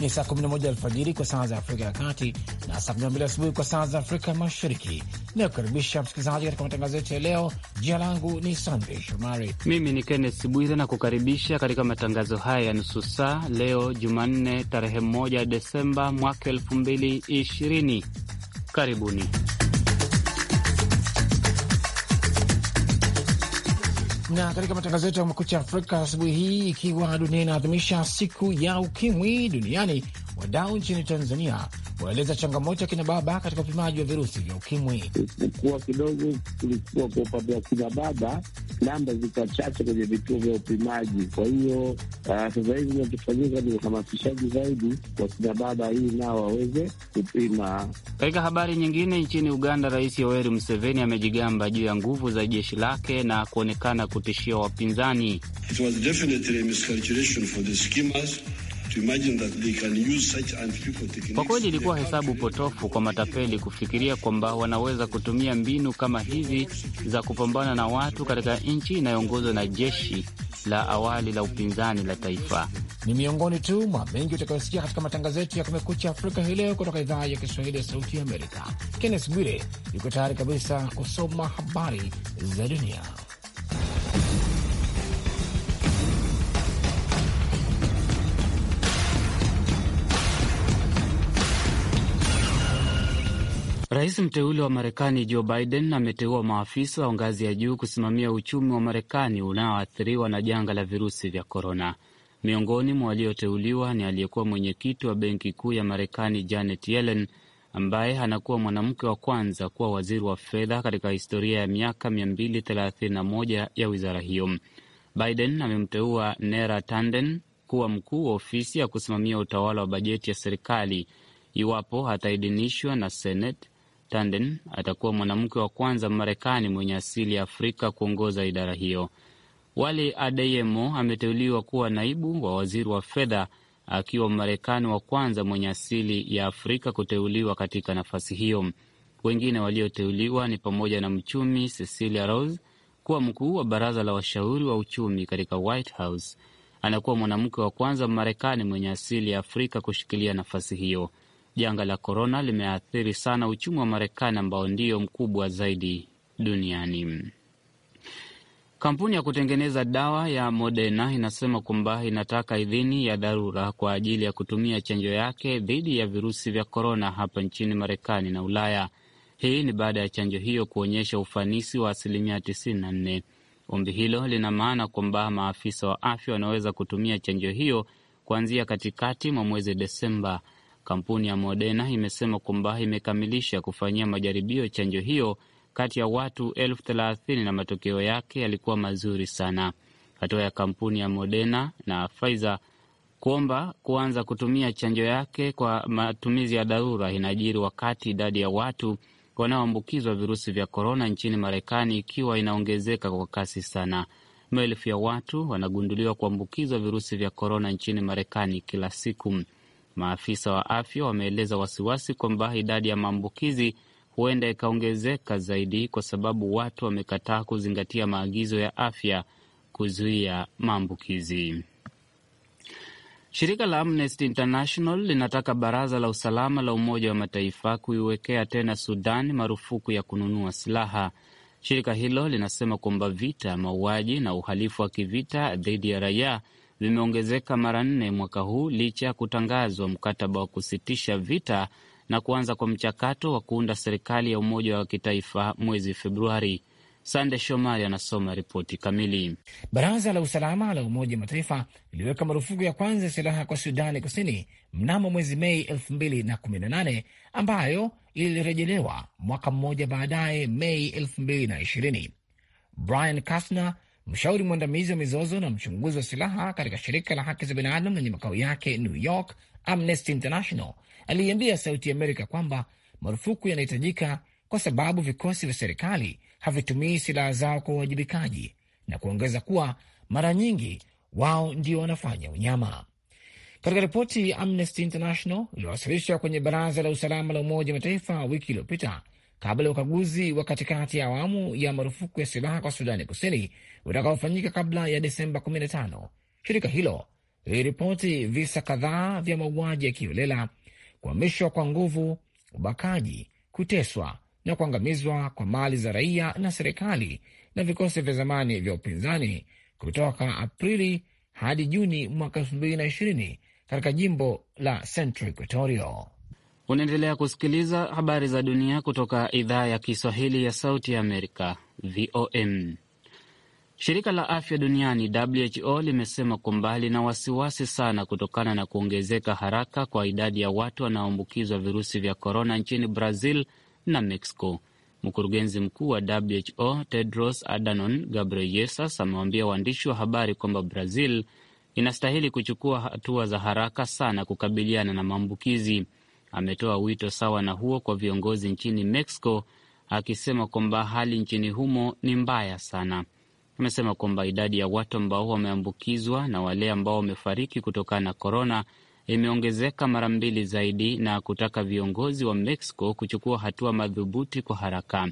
ni saa 11 alfajiri kwa saa za Afrika ya Kati na saa 12 asubuhi kwa saa za Afrika Mashariki. Inayokaribisha msikilizaji katika matangazo yetu ya leo. Jina langu ni Sandey Shomari, mimi ni Kennes Bwire na kukaribisha katika matangazo haya ya nusu saa leo Jumanne tarehe 1 Desemba mwaka 2020. Karibuni. na katika matangazo yetu ya Kumekucha Afrika asubuhi hii, ikiwa dunia inaadhimisha siku ya ukimwi duniani, wadau nchini Tanzania waeleza changamoto ya kinababa katika upimaji wa virusi vya ukimwi. Isipokuwa kidogo kulikuwa kwa upande wa namba zikachache chache kwenye vituo vya upimaji. Kwa hiyo ah, sasa hivi inachofanyika ni uhamasishaji zaidi wa kinababa hii nao waweze kupima. Katika habari nyingine, nchini Uganda, Rais Yoweri Museveni amejigamba juu ya nguvu za jeshi lake na kuonekana kutishia wapinzani It was kwa kweli ilikuwa hesabu potofu kwa matapeli kufikiria kwamba wanaweza kutumia mbinu kama hizi za kupambana na watu katika nchi inayoongozwa na jeshi la awali la upinzani la taifa. Ni miongoni tu mwa mengi utakayosikia katika matangazo yetu ya Kumekucha Afrika hii leo kutoka idhaa ya Kiswahili ya Sauti ya Amerika. Kennes Bwire yuko tayari kabisa kusoma habari za dunia. Rais mteule wa Marekani Joe Biden ameteua maafisa wa ngazi ya juu kusimamia uchumi wa Marekani unaoathiriwa na janga la virusi vya korona. Miongoni mwa walioteuliwa ni aliyekuwa mwenyekiti wa benki kuu ya Marekani Janet Yellen, ambaye anakuwa mwanamke wa kwanza kuwa waziri wa fedha katika historia ya miaka 231 ya wizara hiyo. Biden amemteua Nera Tanden kuwa mkuu wa ofisi ya kusimamia utawala wa bajeti ya serikali iwapo ataidhinishwa na Senate Tanden atakuwa mwanamke wa kwanza Marekani mwenye asili ya Afrika kuongoza idara hiyo. Wale Adeyemo ameteuliwa kuwa naibu wa waziri wa fedha akiwa marekani wa kwanza mwenye asili ya Afrika kuteuliwa katika nafasi hiyo. Wengine walioteuliwa ni pamoja na mchumi Cecilia Rose kuwa mkuu wa baraza la washauri wa uchumi katika White House. Anakuwa mwanamke wa kwanza marekani mwenye asili ya Afrika kushikilia nafasi hiyo. Janga la korona limeathiri sana uchumi wa Marekani ambao ndio mkubwa zaidi duniani. Kampuni ya kutengeneza dawa ya Moderna inasema kwamba inataka idhini ya dharura kwa ajili ya kutumia chanjo yake dhidi ya virusi vya korona hapa nchini Marekani na Ulaya. Hii ni baada ya chanjo hiyo kuonyesha ufanisi wa asilimia 94. Ombi hilo lina maana kwamba maafisa wa afya wanaweza kutumia chanjo hiyo kuanzia katikati mwa mwezi Desemba. Kampuni ya Moderna imesema kwamba imekamilisha kufanyia majaribio chanjo hiyo kati ya watu elfu thelathini na matokeo yake yalikuwa mazuri sana. Hatua ya kampuni ya Moderna na Pfizer kuomba kuanza kutumia chanjo yake kwa matumizi ya dharura inajiri wakati idadi ya watu wanaoambukizwa virusi vya korona nchini Marekani ikiwa inaongezeka kwa kasi sana. Maelfu ya watu wanagunduliwa kuambukizwa virusi vya korona nchini Marekani kila siku. Maafisa wa afya wameeleza wasiwasi kwamba idadi ya maambukizi huenda ikaongezeka zaidi kwa sababu watu wamekataa kuzingatia maagizo ya afya kuzuia maambukizi. Shirika la Amnesty International linataka baraza la usalama la Umoja wa Mataifa kuiwekea tena Sudan marufuku ya kununua silaha. Shirika hilo linasema kwamba vita, mauaji na uhalifu wa kivita dhidi ya raia vimeongezeka mara nne mwaka huu licha ya kutangazwa mkataba wa kusitisha vita na kuanza kwa mchakato wa kuunda serikali ya umoja wa kitaifa mwezi Februari. Sande Shomari anasoma ripoti kamili. Baraza la usalama la Umoja wa Mataifa liliweka marufuku ya kwanza ya silaha kwa Sudani Kusini mnamo mwezi Mei 2018 ambayo ilirejelewa mwaka mmoja baadaye Mei 2020. Brian Kastner Mshauri mwandamizi wa mizozo na mchunguzi wa silaha katika shirika la haki za binadamu lenye makao yake New York, Amnesty International, aliiambia Sauti Amerika kwamba marufuku yanahitajika kwa sababu vikosi vya serikali havitumii silaha zao kwa uwajibikaji, na kuongeza kuwa mara nyingi wao ndio wanafanya unyama. Katika ripoti ya Amnesty International iliyowasilishwa kwenye Baraza la Usalama la Umoja wa Mataifa wiki iliyopita, kabla ya ukaguzi wa katikati ya awamu ya marufuku ya silaha kwa Sudani Kusini utakaofanyika kabla ya Desemba 15. Shirika hilo liliripoti visa kadhaa vya mauaji ya kuamishwa kuhamishwa kwa nguvu, ubakaji, kuteswa na kuangamizwa kwa mali za raia na serikali na vikosi vya zamani vya upinzani kutoka Aprili hadi Juni mwaka 2020 katika jimbo la Central Equatoria. Unaendelea kusikiliza habari za dunia kutoka idhaa ya Kiswahili ya Sauti ya Amerika, VOM. Shirika la afya duniani WHO limesema kwamba lina wasiwasi sana kutokana na kuongezeka haraka kwa idadi ya watu wanaoambukizwa virusi vya korona nchini Brazil na Mexico. Mkurugenzi mkuu wa WHO Tedros Adhanom Ghebreyesus amewaambia waandishi wa habari kwamba Brazil inastahili kuchukua hatua za haraka sana kukabiliana na maambukizi ametoa wito sawa na huo kwa viongozi nchini Mexico, akisema kwamba hali nchini humo ni mbaya sana. Amesema kwamba idadi ya watu ambao wameambukizwa na wale ambao wamefariki kutokana na korona imeongezeka mara mbili zaidi na kutaka viongozi wa Mexico kuchukua hatua madhubuti kwa haraka.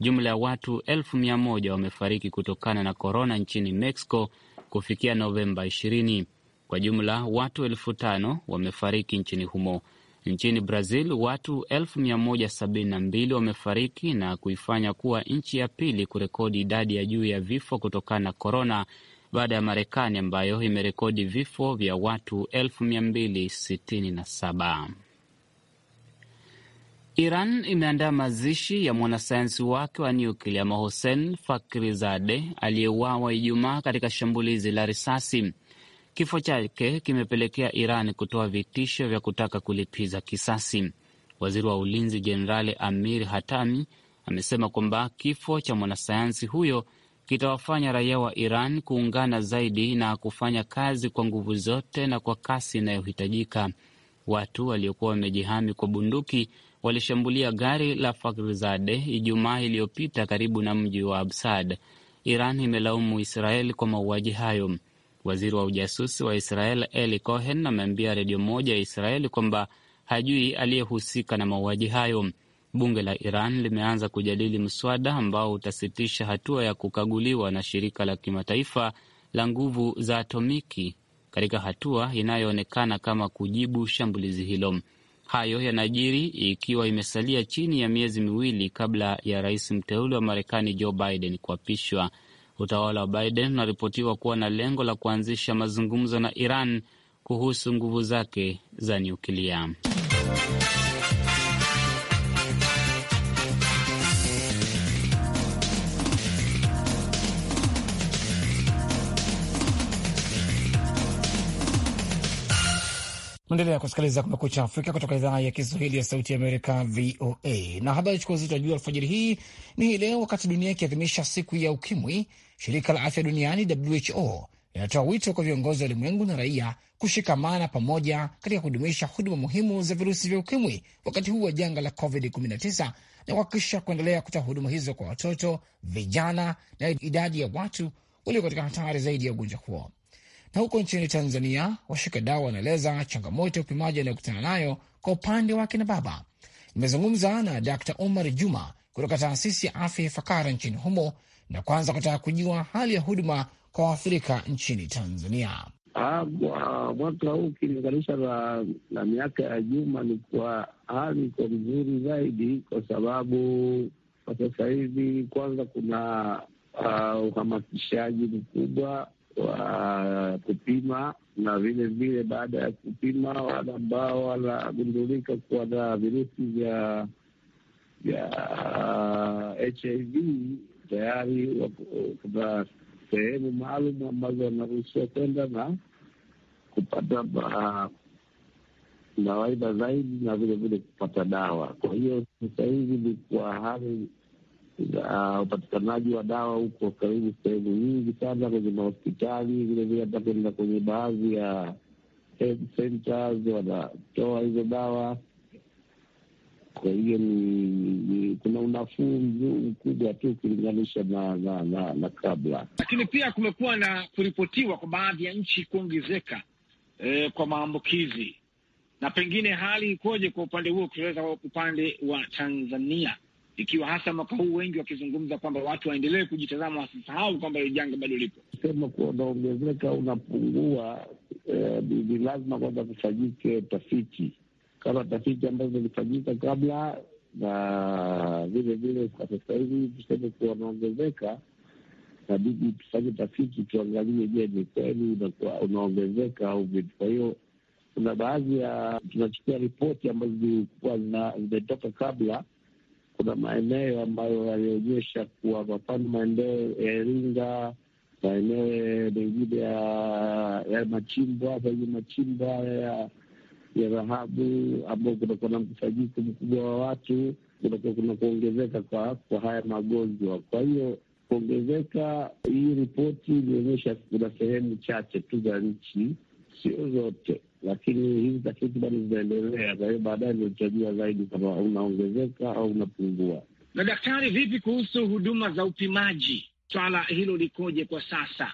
Jumla ya watu elfu mia moja wamefariki kutokana na korona nchini Mexico kufikia Novemba 20. Kwa jumla watu elfu tano wamefariki nchini humo. Nchini Brazil watu 172 wamefariki na kuifanya kuwa nchi ya pili kurekodi idadi ya juu ya vifo kutokana na korona baada ya Marekani ambayo imerekodi vifo vya watu 267. Iran imeandaa mazishi ya mwanasayansi wake wa nyuklia Mohsen Fakhrizadeh aliyeuawa Ijumaa katika shambulizi la risasi. Kifo chake kimepelekea Iran kutoa vitisho vya kutaka kulipiza kisasi. Waziri wa ulinzi Jenerali Amir Hatami amesema kwamba kifo cha mwanasayansi huyo kitawafanya raia wa Iran kuungana zaidi na kufanya kazi kwa nguvu zote na kwa kasi inayohitajika. Watu waliokuwa wamejihami kwa bunduki walishambulia gari la Fakhrizade Ijumaa iliyopita karibu na mji wa Absad. Iran imelaumu Israel kwa mauaji hayo. Waziri wa ujasusi wa Israel Eli Cohen ameambia redio moja ya Israeli kwamba hajui aliyehusika na mauaji hayo. Bunge la Iran limeanza kujadili mswada ambao utasitisha hatua ya kukaguliwa na shirika la kimataifa la nguvu za atomiki katika hatua inayoonekana kama kujibu shambulizi hilo. Hayo yanajiri ikiwa imesalia chini ya miezi miwili kabla ya rais mteule wa Marekani Joe Biden kuapishwa. Utawala wa Biden unaripotiwa kuwa na lengo la kuanzisha mazungumzo na Iran kuhusu nguvu zake za nyuklia. Endelea kusikiliza Kumekucha Afrika kutoka idhaa ya Kiswahili ya Sauti ya Amerika, VOA. Na habari chukua uzito wa juu alfajiri hii ni hii leo, wakati dunia ikiadhimisha siku ya Ukimwi, Shirika la afya duniani WHO linatoa wito kwa viongozi wa ulimwengu na raia kushikamana pamoja katika kudumisha huduma muhimu za virusi vya ukimwi wakati huu wa janga la COVID-19 na kuhakikisha kuendelea kutoa huduma hizo kwa watoto, vijana na idadi ya watu walio katika hatari zaidi ya ugonjwa huo. Na huko nchini Tanzania, washikadau wanaeleza changamoto ya upimaji anayokutana nayo kwa upande wa akina baba. Nimezungumza na Dr. Omar Juma kutoka taasisi ya afya ya Fakara nchini humo na kwanza kutaka kujua hali ya huduma kwa waathirika nchini Tanzania. Ah, mwaka huu ukilinganisha na, na miaka ya nyuma ni kwa hali iko mzuri zaidi, kwa sababu kwa sasa hivi kwanza kuna ah, uhamasishaji mkubwa wa kupima na vile vile, baada ya kupima, wale ambao wanagundulika kuwa na virusi vya vya HIV ah, tayari kuna sehemu maalum ambazo wanaruhusiwa kwenda na kupata ah, mawaidha zaidi na vilevile kupata dawa. Kwa hiyo sasa hivi ni kwa hali za ah, upatikanaji wa dawa huko karibu sehemu nyingi sana, kwenye mahospitali, vilevile hata kwenda kwenye baadhi ya centers wanatoa hizo dawa kwa hiyo ni, ni kuna unafuu mkubwa tu ukilinganisha na, na, na, na kabla, lakini pia kumekuwa na kuripotiwa kwa baadhi ya nchi kuongezeka eh, kwa maambukizi na pengine hali ikoje kwa upande huo, kwa upande wa Tanzania, ikiwa hasa mwaka huu wengi wakizungumza kwamba watu waendelee kujitazama, wasisahau kwamba hili janga bado lipo. Sema kuwa unaongezeka unapungua, eh, ni eh, lazima kwanza kufanyike tafiti kama tafiti ambazo zilifanyika kabla na vile vile kwa sasa hivi tuseme kuwa unaongezeka, nabidi tufanye tafiti tuangalie, je, ni kweli unaongezeka au vipi? Kwa hiyo kuna baadhi ya tunachukua ripoti ambazo zilikuwa zimetoka kabla. Kuna maeneo ambayo yalionyesha kuwa kwa mfano maeneo ya Iringa, maeneo mengine ya machimbwa, sahizi machimbwa ya ya dhahabu ambao kunakuwa na mkusajiko mkubwa wa watu, kutakuwa kuna kuongezeka kwa, kwa haya magonjwa. Kwa hiyo kuongezeka, hii ripoti ilionyesha kuna sehemu chache tu za nchi, sio zote, lakini hizi tafiti bado zinaendelea. Kwa hiyo baadaye ndio zaidi kama unaongezeka au unapungua. Na daktari, vipi kuhusu huduma za upimaji, swala hilo likoje kwa sasa?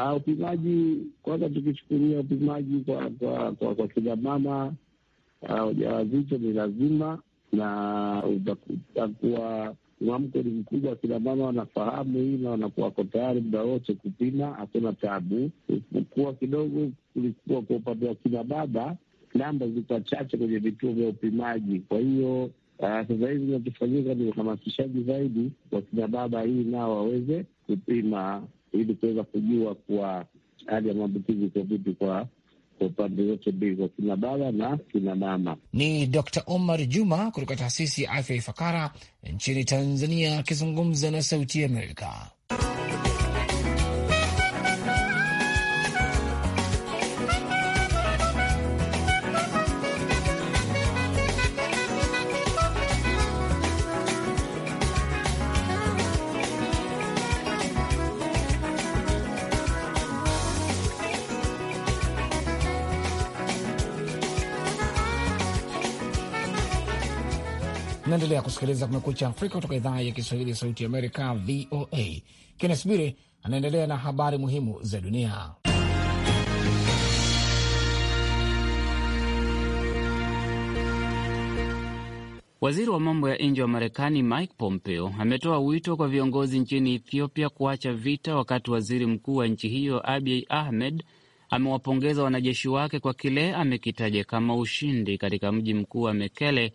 Uh, ah, upimaji kwanza, tukichukulia upimaji kwa kwa, kwa, kwa kina mama ah, wajawazito uh, ni lazima, na utakuwa mwamko ni mkubwa. Kina mama wanafahamu hii na wanakuwa wako tayari muda wote kupima, hakuna tabu. Isipokuwa kidogo kulikuwa kwa upande wa kina baba, namba zilikuwa chache kwenye vituo vya upimaji, kwa hiyo ah, sasa hivi inachofanyika ni uhamasishaji zaidi wa kina baba, hii nao waweze kupima ili kuweza kujua kuwa hali ya maambukizi iko vipi kwa upande zote mbili, kwa kina baba na kina mama. Ni Dr. Omar Juma kutoka taasisi ya afya Ifakara nchini Tanzania akizungumza na Sauti ya Amerika. Naendelea kusikiliza Kumekucha Afrika kutoka idhaa ya Kiswahili ya Sauti Amerika, VOA. Kennes Bwire anaendelea na habari muhimu za dunia. Waziri wa mambo ya nje wa Marekani Mike Pompeo ametoa wito kwa viongozi nchini Ethiopia kuacha vita, wakati waziri mkuu wa nchi hiyo Abiy Ahmed amewapongeza wanajeshi wake kwa kile amekitaja kama ushindi katika mji mkuu wa Mekele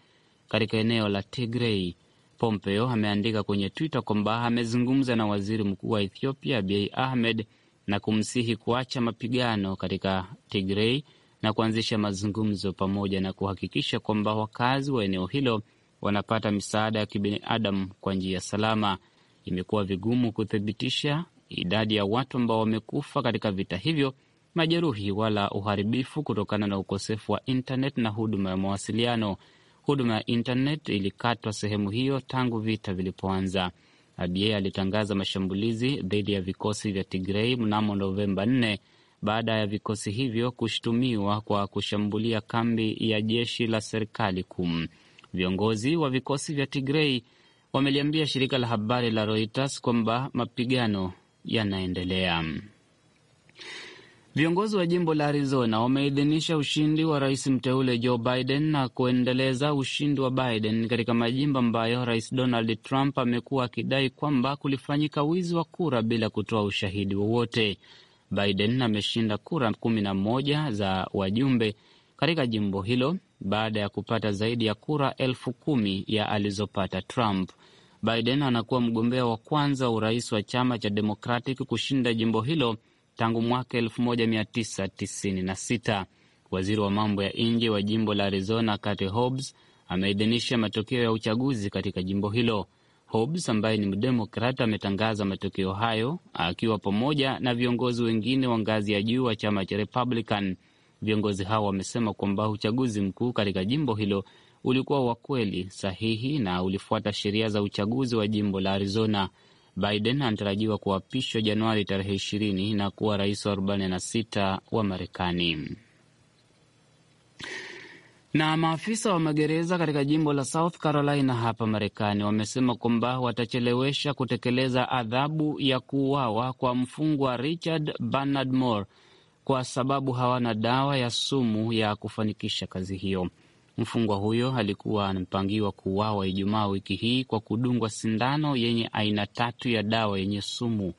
katika eneo la Tigrei. Pompeo ameandika kwenye Twitter kwamba amezungumza na waziri mkuu wa Ethiopia Abiy Ahmed na kumsihi kuacha mapigano katika Tigrei na kuanzisha mazungumzo pamoja na kuhakikisha kwamba wakazi wa eneo hilo wanapata misaada ya kibinadamu kwa njia salama. Imekuwa vigumu kuthibitisha idadi ya watu ambao wamekufa katika vita hivyo, majeruhi wala uharibifu kutokana na ukosefu wa intanet na huduma ya mawasiliano huduma ya intnet ilikatwa sehemu hiyo tangu vita vilipoanza. Abiy alitangaza mashambulizi dhidi ya vikosi vya Tigrei mnamo Novemba 4 baada ya vikosi hivyo kushutumiwa kwa kushambulia kambi ya jeshi la serikali kum. Viongozi wa vikosi vya Tigrei wameliambia shirika la habari la Reuters kwamba mapigano yanaendelea. Viongozi wa jimbo la Arizona wameidhinisha ushindi wa rais mteule Joe Biden na kuendeleza ushindi wa Biden katika majimbo ambayo rais Donald Trump amekuwa akidai kwamba kulifanyika wizi wa kura bila kutoa ushahidi wowote. Biden ameshinda kura kumi na moja za wajumbe katika jimbo hilo baada ya kupata zaidi ya kura elfu kumi ya alizopata Trump. Biden anakuwa mgombea wa kwanza wa urais wa chama cha Democratic kushinda jimbo hilo tangu mwaka 1996. Waziri wa mambo ya nje wa jimbo la Arizona, Kate Hobbs, ameidhinisha matokeo ya uchaguzi katika jimbo hilo. Hobbs ambaye ni mdemokrat ametangaza matokeo hayo akiwa pamoja na viongozi wengine wa ngazi ya juu wa chama cha Republican. Viongozi hao wamesema kwamba uchaguzi mkuu katika jimbo hilo ulikuwa wa kweli, sahihi na ulifuata sheria za uchaguzi wa jimbo la Arizona. Biden anatarajiwa kuapishwa Januari tarehe ishirini na kuwa rais wa arobaini na sita wa Marekani. Na maafisa wa magereza katika jimbo la South Carolina hapa Marekani wamesema kwamba watachelewesha kutekeleza adhabu ya kuuawa kwa mfungwa Richard Bernard Moore kwa sababu hawana dawa ya sumu ya kufanikisha kazi hiyo. Mfungwa huyo alikuwa amepangiwa kuuawa Ijumaa wiki hii kwa kudungwa sindano yenye aina tatu ya dawa yenye sumu.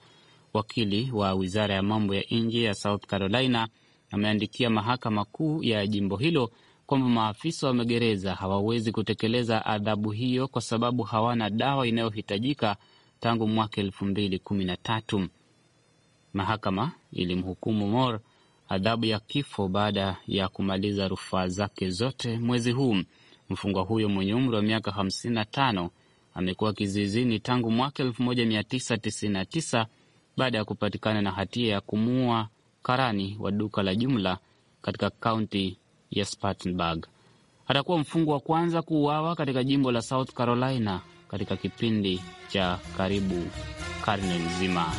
Wakili wa wizara ya mambo ya nje ya South Carolina ameandikia mahakama kuu ya jimbo hilo kwamba maafisa wa magereza hawawezi kutekeleza adhabu hiyo kwa sababu hawana dawa inayohitajika tangu mwaka elfu mbili kumi na tatu. Mahakama ilimhukumu Moore adhabu ya kifo baada ya kumaliza rufaa zake zote mwezi huu. Mfungwa huyo mwenye umri wa miaka 55 amekuwa kizuizini tangu mwaka 1999 baada ya kupatikana na hatia ya kumuua karani wa duka la jumla katika kaunti ya Spartanburg. Atakuwa mfungwa wa kwanza kuuawa katika jimbo la South Carolina katika kipindi cha karibu karne nzima.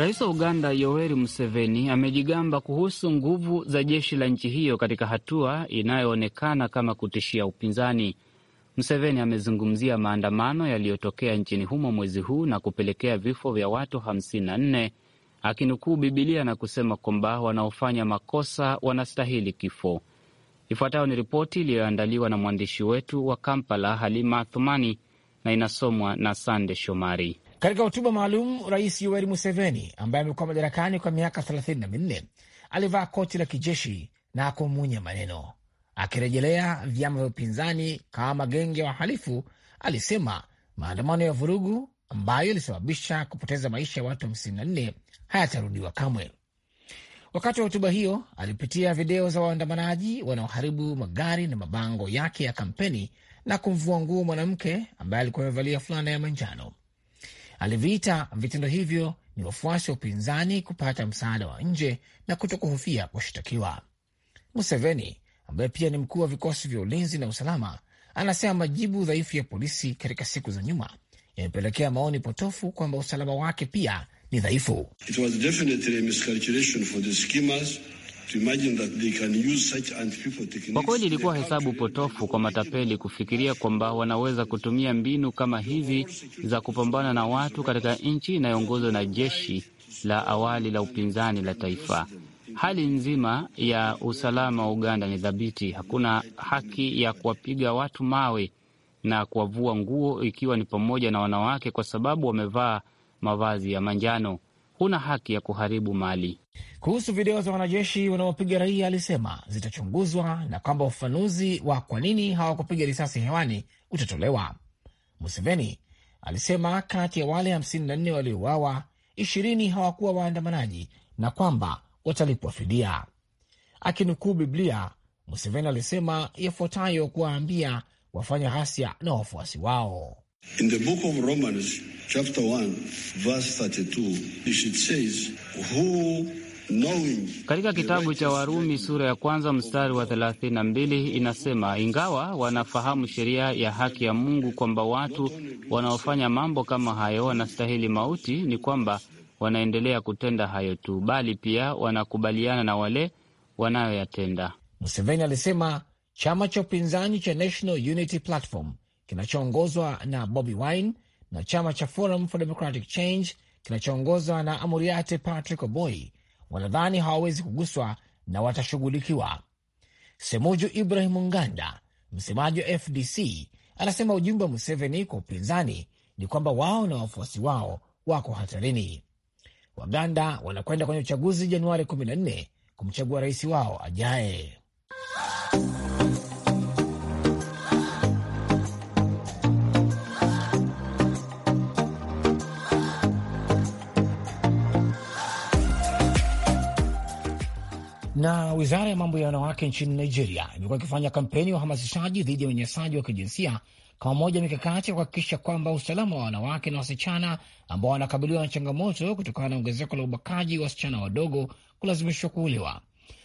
Rais wa Uganda Yoweri Museveni amejigamba kuhusu nguvu za jeshi la nchi hiyo katika hatua inayoonekana kama kutishia upinzani. Museveni amezungumzia maandamano yaliyotokea nchini humo mwezi huu na kupelekea vifo vya watu 54 akinukuu Bibilia na kusema kwamba wanaofanya makosa wanastahili kifo. Ifuatayo ni ripoti iliyoandaliwa na mwandishi wetu wa Kampala, Halima Athumani, na inasomwa na Sande Shomari. Katika hotuba maalum, Rais Yoweri Museveni ambaye amekuwa madarakani kwa miaka thelathini na minne alivaa koti la kijeshi na akumunya maneno, akirejelea vyama vya upinzani kama magenge ya wahalifu. Alisema maandamano ya vurugu ambayo ilisababisha kupoteza maisha ya watu 54 hayatarudiwa kamwe. Wakati wa hotuba hiyo alipitia video za waandamanaji wanaoharibu magari na mabango yake ya kampeni na kumvua nguo mwanamke ambaye alikuwa amevalia fulana ya manjano aliviita vitendo hivyo ni wafuasi wa upinzani kupata msaada wa nje na kuto kuhofia kushtakiwa. Museveni ambaye pia ni mkuu wa vikosi vya ulinzi na usalama anasema majibu dhaifu ya polisi katika siku za nyuma yamepelekea maoni potofu kwamba usalama wake pia ni dhaifu. It was kwa kweli ilikuwa hesabu potofu kwa matapeli kufikiria kwamba wanaweza kutumia mbinu kama hizi za kupambana na watu katika nchi inayoongozwa na jeshi la awali la upinzani la taifa. Hali nzima ya usalama wa Uganda ni dhabiti. Hakuna haki ya kuwapiga watu mawe na kuwavua nguo, ikiwa ni pamoja na wanawake, kwa sababu wamevaa mavazi ya manjano hakuna haki ya kuharibu mali. Kuhusu video za wanajeshi wanaopiga raia, alisema zitachunguzwa na kwamba ufafanuzi wa kwa nini hawakupiga risasi hewani utatolewa. Museveni alisema kati ya wale 54 waliouawa, 20 hawakuwa waandamanaji na kwamba watalipwa fidia. Akinukuu Biblia, Museveni alisema yafuatayo kuwaambia wafanya ghasia na wafuasi wao. In the book of Romans, chapter 1, verse 32, it says, who knowing... katika kitabu cha Warumi sura ya kwanza mstari wa 32 inasema, ingawa wanafahamu sheria ya haki ya Mungu kwamba watu wanaofanya mambo kama hayo wanastahili mauti, ni kwamba wanaendelea kutenda hayo tu, bali pia wanakubaliana na wale wanayoyatenda. Museveni alisema chama cha upinzani cha National Unity Platform kinachoongozwa na Bobi Wine na chama cha Forum for Democratic Change kinachoongozwa na Amuriate Patrick Oboi wanadhani hawawezi kuguswa na watashughulikiwa. Semuju Ibrahim Nganda, msemaji wa FDC, anasema ujumbe wa Museveni kwa upinzani ni kwamba wao na wafuasi wao wako hatarini. Waganda wanakwenda kwenye uchaguzi Januari 14 kumchagua rais wao ajaye. Na wizara ya mambo ya wanawake nchini Nigeria imekuwa ikifanya kampeni ya uhamasishaji dhidi ya unyanyasaji wa kijinsia kama moja ya mikakati ya kuhakikisha kwamba usalama wa wanawake na wasichana ambao wanakabiliwa na changamoto kutokana na ongezeko la ubakaji, wasichana wadogo kulazimishwa kuolewa.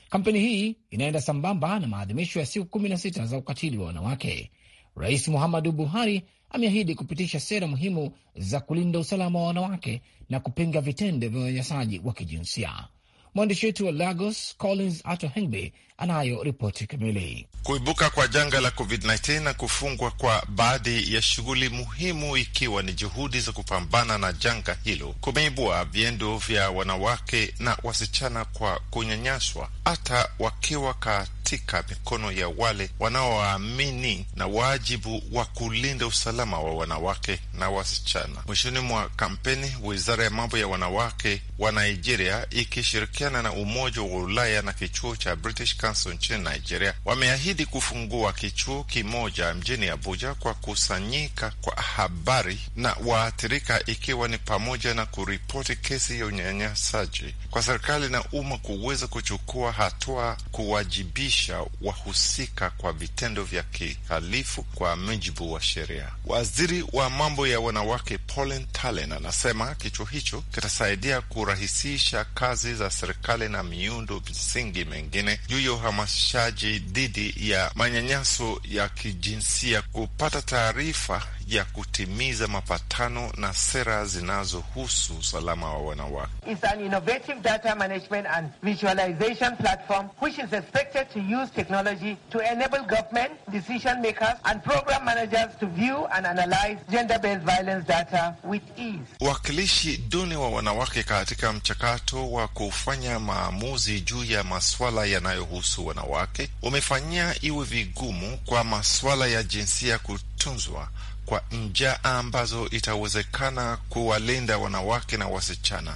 Kampeni hii inaenda sambamba na maadhimisho ya siku kumi na sita za ukatili wa wanawake. Rais Muhammadu Buhari ameahidi kupitisha sera muhimu za kulinda usalama wa wanawake na kupinga vitendo vya unyanyasaji wa kijinsia. Mwandishi wetu wa Lagos, Collins Ato anayo ripoti kamili. Kuibuka kwa janga la COVID-19 na kufungwa kwa baadhi ya shughuli muhimu, ikiwa ni juhudi za kupambana na janga hilo, kumeibua viendo vya wanawake na wasichana kwa kunyanyaswa hata wakiwa ka katika mikono ya wale wanaowaamini na wajibu wa kulinda usalama wa wanawake na wasichana. Mwishoni mwa kampeni, wizara ya mambo ya wanawake wa Nigeria ikishirikiana na Umoja wa Ulaya na kichuo cha British Council nchini Nigeria wameahidi kufungua kichuo kimoja mjini Abuja kwa kusanyika kwa habari na waathirika, ikiwa ni pamoja na kuripoti kesi ya unyanyasaji kwa serikali na umma kuweza kuchukua hatua kuwajibisha kuwawajibisha wahusika kwa vitendo vya kihalifu kwa mujibu wa sheria. Waziri wa mambo ya wanawake Pauline Talen anasema kichwa hicho kitasaidia kurahisisha kazi za serikali na miundo msingi mengine juu ya uhamasishaji dhidi ya manyanyaso ya kijinsia, kupata taarifa ya kutimiza mapatano na sera zinazohusu usalama wa wanawake. It's an innovative data management and visualization platform which is expected to use technology to enable government, decision makers and program managers to view and analyze gender-based violence data with ease. Wakilishi duni wa wanawake katika mchakato wa kufanya maamuzi juu ya maswala yanayohusu wanawake umefanyia iwe vigumu kwa maswala ya jinsia kutunzwa kwa njia ambazo itawezekana kuwalinda wanawake na wasichana.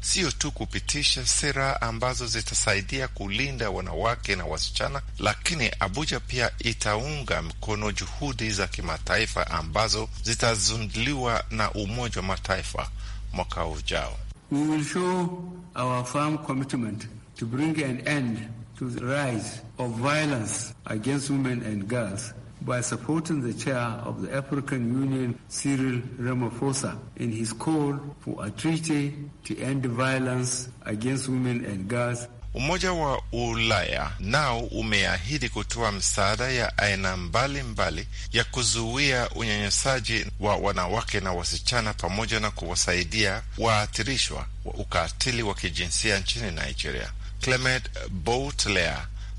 sio tu kupitisha sera ambazo zitasaidia kulinda wanawake na wasichana, lakini Abuja pia itaunga mkono juhudi za kimataifa ambazo zitazunduliwa na Umoja wa Mataifa mwaka ujao. We will show our firm commitment to bring an end to the rise of violence against women and girls. by supporting the chair of the African Union, Cyril Ramaphosa, in his call for a treaty to end violence against women and girls Umoja wa Ulaya nao umeahidi kutoa msaada ya aina mbalimbali mbali ya kuzuia unyanyasaji wa wanawake na wasichana pamoja na kuwasaidia waathirishwa wa ukatili wa kijinsia nchini Nigeria. Clement Baudelaire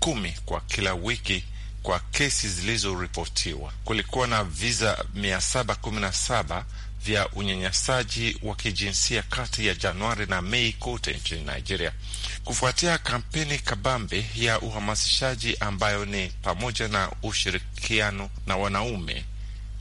kumi kwa kila wiki kwa kesi zilizoripotiwa. Kulikuwa na visa 717 vya unyanyasaji wa kijinsia kati ya Januari na Mei kote nchini Nigeria, kufuatia kampeni kabambe ya uhamasishaji ambayo ni pamoja na ushirikiano na wanaume.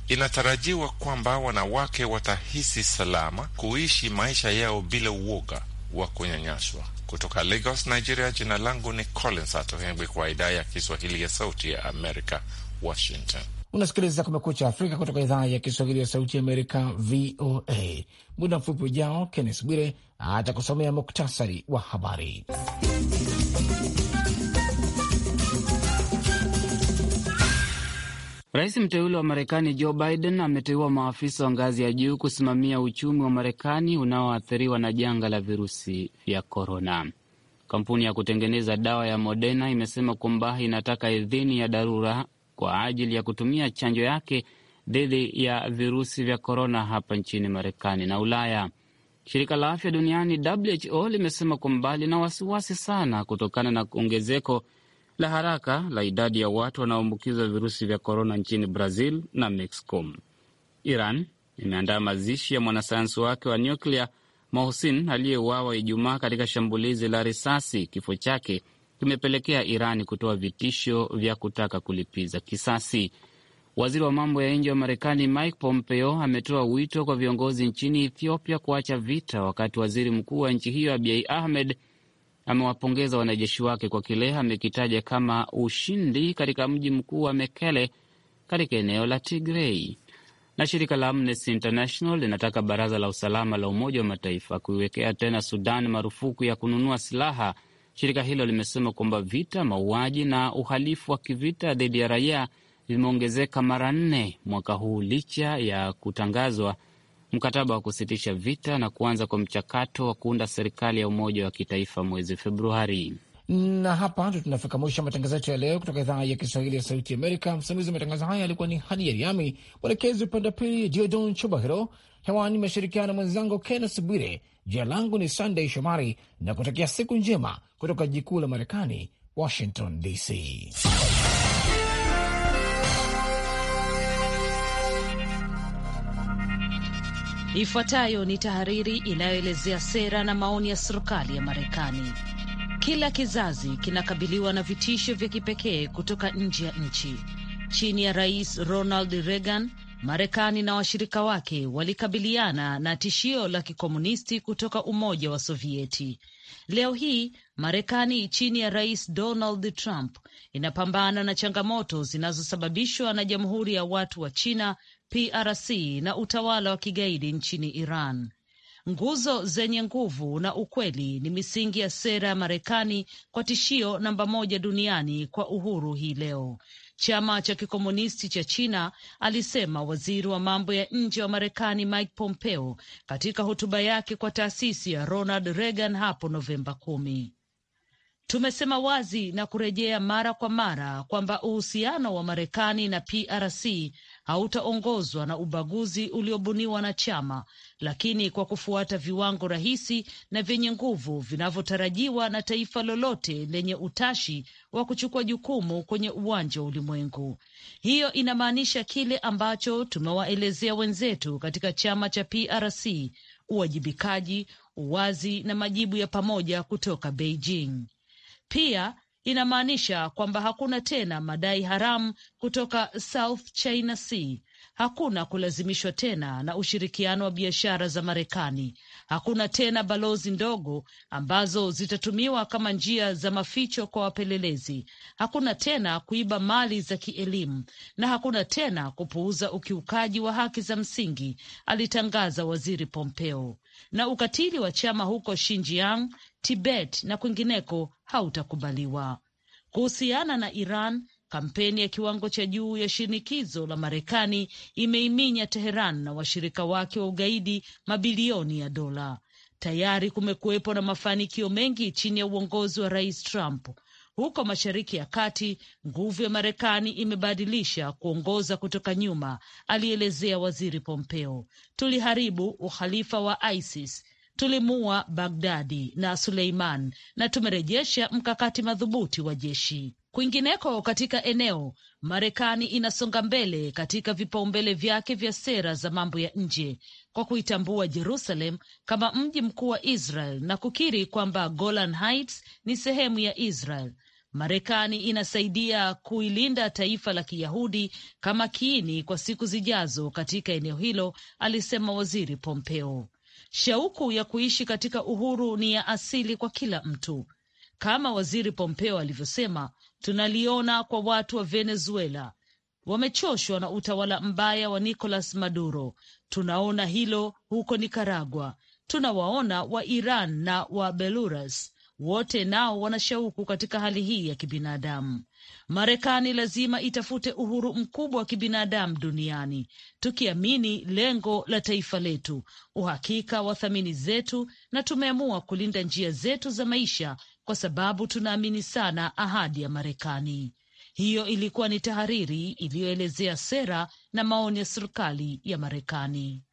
Inatarajiwa kwamba wanawake watahisi salama kuishi maisha yao bila uoga wa kunyanyaswa. Kutoka Lagos, Nigeria, jina langu ni Collins Atohengwi kwa idhaa ya Kiswahili ya Sauti ya Amerika, Washington. Unasikiliza Kumekucha Afrika kutoka idhaa ya Kiswahili ya Sauti ya Amerika, VOA. Muda mfupi ujao, Kennes Bwire atakusomea muktasari wa habari. Rais mteule wa Marekani Joe Biden ameteua maafisa wa ngazi ya juu kusimamia uchumi wa Marekani unaoathiriwa na janga la virusi vya korona. Kampuni ya kutengeneza dawa ya Moderna imesema kwamba inataka idhini ya dharura kwa ajili ya kutumia chanjo yake dhidi ya virusi vya korona hapa nchini Marekani na Ulaya. Shirika la afya duniani WHO limesema kwamba lina wasiwasi sana kutokana na ongezeko la haraka la idadi ya watu wanaoambukizwa virusi vya korona nchini Brazil na Mexico. Iran imeandaa mazishi ya mwanasayansi wake wa nyuklia Mohsin aliyeuawa Ijumaa katika shambulizi la risasi. Kifo chake kimepelekea Irani kutoa vitisho vya kutaka kulipiza kisasi. Waziri wa mambo ya nje wa Marekani Mike Pompeo ametoa wito kwa viongozi nchini Ethiopia kuacha vita, wakati waziri mkuu wa nchi hiyo Abiy Ahmed amewapongeza wanajeshi wake kwa kile amekitaja kama ushindi katika mji mkuu wa Mekele katika eneo la Tigrei. Na shirika la Amnesty International linataka baraza la usalama la Umoja wa Mataifa kuiwekea tena Sudan marufuku ya kununua silaha. Shirika hilo limesema kwamba vita, mauaji na uhalifu wa kivita dhidi ya raia vimeongezeka mara nne mwaka huu licha ya kutangazwa mkataba wa kusitisha vita na kuanza kwa mchakato wa kuunda serikali ya umoja wa kitaifa mwezi Februari. Na hapa ndo tunafika mwisho matangazo yetu ya leo kutoka idhaa ya Kiswahili ya Sauti Amerika. Msimamizi wa matangazo haya alikuwa ni Hadi yariami mwelekezi upande wa pili Diodon Chubahiro. Hewani imeshirikiana na mwenzangu Kennes Bwire. Jina langu ni Sandey Shomari na kutakia siku njema kutoka jikuu la Marekani, Washington DC. Ifuatayo ni tahariri inayoelezea sera na maoni ya serikali ya Marekani. Kila kizazi kinakabiliwa na vitisho vya kipekee kutoka nje ya nchi. Chini ya Rais Ronald Reagan, Marekani na washirika wake walikabiliana na tishio la kikomunisti kutoka Umoja wa Sovieti. Leo hii Marekani chini ya Rais Donald Trump inapambana na changamoto zinazosababishwa na Jamhuri ya Watu wa China PRC na utawala wa kigaidi nchini Iran. Nguzo zenye nguvu na ukweli ni misingi ya sera ya Marekani kwa tishio namba moja duniani kwa uhuru hii leo, chama cha kikomunisti cha China, alisema waziri wa mambo ya nje wa Marekani Mike Pompeo katika hotuba yake kwa taasisi ya Ronald Reagan hapo Novemba kumi. Tumesema wazi na kurejea mara kwa mara kwamba uhusiano wa Marekani na PRC hautaongozwa na ubaguzi uliobuniwa na chama, lakini kwa kufuata viwango rahisi na vyenye nguvu vinavyotarajiwa na taifa lolote lenye utashi wa kuchukua jukumu kwenye uwanja wa ulimwengu. Hiyo inamaanisha kile ambacho tumewaelezea wenzetu katika chama cha PRC: uwajibikaji, uwazi na majibu ya pamoja kutoka Beijing. Pia inamaanisha kwamba hakuna tena madai haramu kutoka South China Sea. Hakuna kulazimishwa tena na ushirikiano wa biashara za Marekani Hakuna tena balozi ndogo ambazo zitatumiwa kama njia za maficho kwa wapelelezi. Hakuna tena kuiba mali za kielimu na hakuna tena kupuuza ukiukaji wa haki za msingi, alitangaza waziri Pompeo. Na ukatili wa chama huko Xinjiang, Tibet na kwingineko hautakubaliwa. Kuhusiana na Iran, Kampeni ya kiwango cha juu ya shinikizo la Marekani imeiminya Teheran na washirika wake wa ugaidi mabilioni ya dola. Tayari kumekuwepo na mafanikio mengi chini ya uongozi wa Rais Trump. Huko Mashariki ya Kati, nguvu ya Marekani imebadilisha kuongoza kutoka nyuma, alielezea Waziri Pompeo. Tuliharibu uhalifa wa ISIS tulimua Bagdadi na Suleiman na tumerejesha mkakati madhubuti wa jeshi. Kwingineko katika eneo, Marekani inasonga mbele katika vipaumbele vyake vya sera za mambo ya nje kwa kuitambua Jerusalem kama mji mkuu wa Israel na kukiri kwamba Golan Heights ni sehemu ya Israel. Marekani inasaidia kuilinda taifa la Kiyahudi kama kiini kwa siku zijazo katika eneo hilo, alisema Waziri Pompeo. Shauku ya kuishi katika uhuru ni ya asili kwa kila mtu. Kama Waziri Pompeo alivyosema, tunaliona kwa watu wa Venezuela, wamechoshwa na utawala mbaya wa Nicolas Maduro. Tunaona hilo huko Nicaragua, tunawaona wa Iran na wa Belarus, wote nao wanashauku katika hali hii ya kibinadamu. Marekani lazima itafute uhuru mkubwa wa kibinadamu duniani, tukiamini lengo la taifa letu, uhakika wa thamani zetu, na tumeamua kulinda njia zetu za maisha kwa sababu tunaamini sana ahadi ya Marekani. Hiyo ilikuwa ni tahariri iliyoelezea sera na maoni ya serikali ya Marekani.